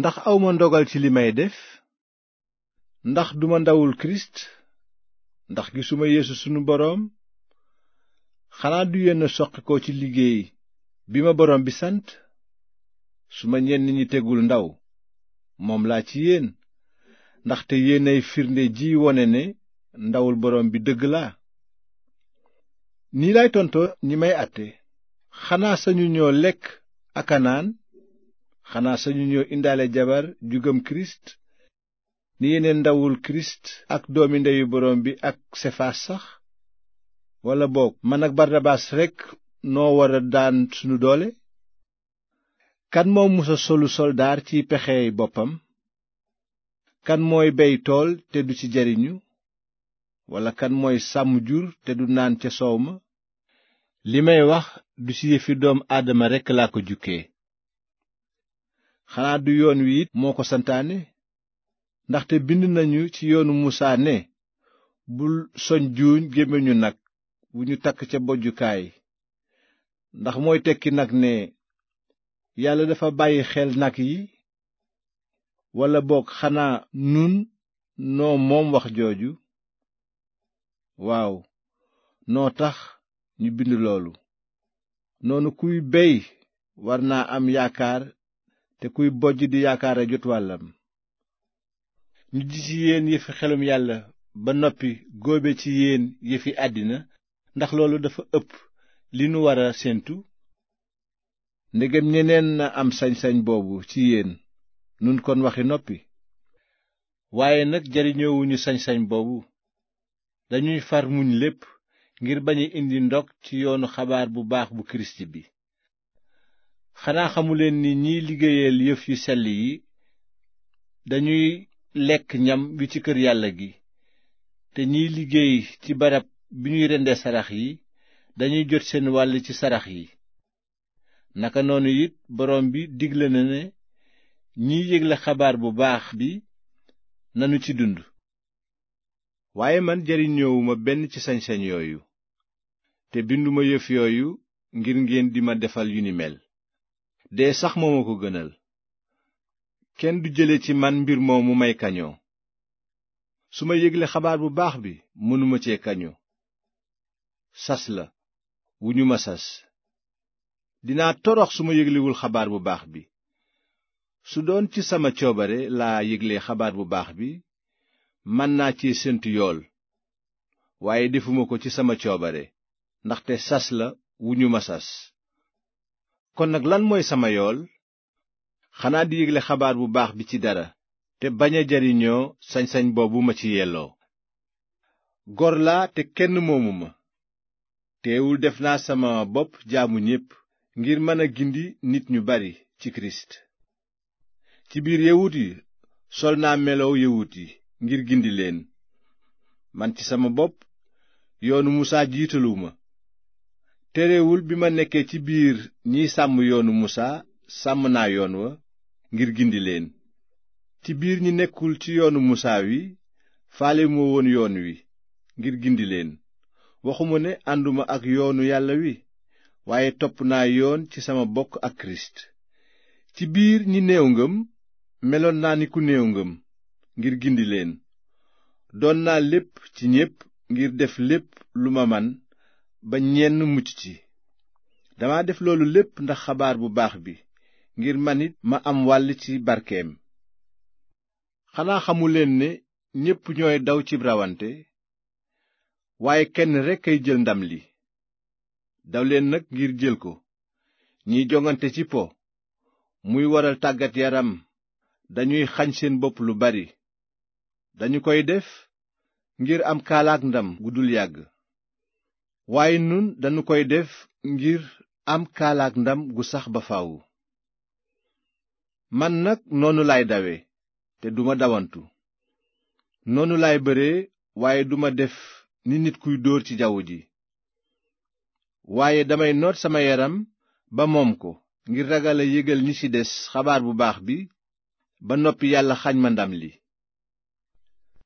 ndax awma ndogal ci li may def ndax duma ndawul kirist ndax gisuma yeesu sunu boroom xanaa du yéen soqikoo ci liggéey bi ma boroom bi sant su ma ñenn ñi tegul ndaw moom laa ci yéen ndaxte yéenay firnde ji wone ne ndawul boroom bi dëgg laa nii laay tonto ñi may àtte xanaa sañu ñoo lekk ak naan xanaa sañu ñoo indaale jabar ju gëm kirist ni yeneen ndawul kirist ak doomi ndeyu borom bi ak sefaas sax walla boog man ak barnabaas rekk noo wara daan suñu doole kan moom musa solu soldaar ci pexey boppam kan mooy bey tool te du ci jariñu walla kan mooy sàmm jur te du naan ca soow ma li may wax du ci yëfi doom aadama rekk laa ko jukkee xanaa du yoon wi moo ko santaane ndaxte bind nañu ci yoonu musaa ne bul soñ juuñ gémmiñu nag wu ñu takk ca bojjukaay ndax mooy tekki nag ne yàlla dafa bàyyi xel nag yi walla boog xanaa nun noo moom wax jooju waaw noo tax ñu bind loolu noonu kuy bey war naa am yaakaar te kuy bojj di yaakaara jot wàllam ñu ji ci yéen yëfi xelum yàlla ba noppi góobe ci yéen yëfi àddina ndax loolu dafa ëpp li nu war a séentu ndegam ñeneen na am sañsañ boobu ci yéen nun kon waxi noppi waaye nag jariñoowuñu sañsañ boobu dañuy far muñ lépp ngir bañ indi ndog ci yoonu xabaar bu baax bu kirist bi xanaa xamuleen ni ñiy liggéeyal yëf yu sell yi dañuy lekk ñam wi ci kër yàlla gi te ñiy liggéey ci barab bi ñuy rendee sarax yi dañuy jot seen wàll ci sarax yi naka noonu it boroom bi digle na ne ñiy yégle xabaar bu baax bi nanu ci dund waaye man jariñoowuma benn ci sañ-sañ yooyu te binduma yëf yooyu ngir ngeen di ma defal yu ni mel dee sax moo ma ko gënal kenn du jële ci man mbir moomu may kañoo su ma yégle xabaar bu baax bi mënuma cee kañu sas la wu ñu ma sas dinaa torox su ma yéglewul xabaar bu baax bi su doon ci sama coobare laa yégle xabaar bu baax bi man naa ci séntu yool waaye defuma ko ci sama coobare ndaxte sas la wu ñu ma sas kon nag lan mooy sama yool xanaa di yégle xabaar bu baax bi ci dara te bañ a jariñoo sañ-sañ boobu ma ci yelloo gor laa te kenn moomu ma teewul def naa sama bopp jaamu ñépp ngir mën a gindi nit ñu bari ci kirist ci biir yawut yi sol naa melow yawut yi ngir gindi leen man ci sama bopp yoonu musaa jiitaluwuma terewul bi ma nekkee ci biir ñiy sàmm yoonu musaa sàmm naa yoon wa ngir gindi leen ci biir ñi nekkul ci yoonu musaa wi faale moo woon yoon wi ngir gindi leen waxuma ne ànduma ak yoonu yàlla wi waaye topp naa yoon ci sama bokk ak kirist ci biir ñi néew ngëm meloon naa ni ku néew ngëm ngir gindi leen doon naa lépp ci ñépp ngir def lépp lu ma man ba ñenn mucc ci dama def loolu lépp ndax xabaar bu baax bi ngir man it ma am wàll ci barkeem xanaa xamuleen ne ñépp ñooy daw ci rawante waaye kenn rekk ay jël ndam li dawleen nag ngir jël ko ñiy jongante ci po muy waral tàggat yaram dañuy xañ seen bopp lu bari dañu koy def ngir am kaalaak ndam gu dul yàgg waaye nun dañu koy def ngir am kaalaak ndam gu sax ba faaw man nag noonu laay dawe te duma dawantu noonu laay bëree waaye duma def ni nit kuy dóor ci jaww ji waaye damay noot sama yaram ba moom ko ngir ragal a yégal ñi ci des xabaar bu baax bi ba noppi yàlla xañ ma ndam li